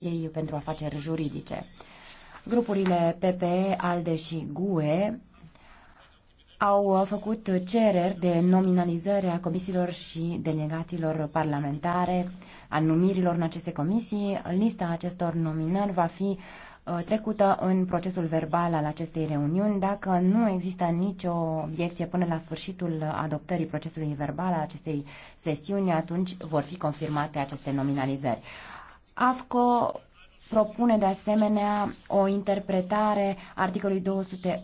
ei pentru afaceri juridice. Grupurile PPE, ALDE și GUE au făcut cereri de nominalizare a comisiilor și delegaților parlamentare, a numirilor în aceste comisii. Lista acestor nominări va fi uh, trecută în procesul verbal al acestei reuniuni. Dacă nu există nicio obiecție până la sfârșitul adoptării procesului verbal al acestei sesiuni, atunci vor fi confirmate aceste nominalizări. AFCO propune de asemenea o interpretare articolului 211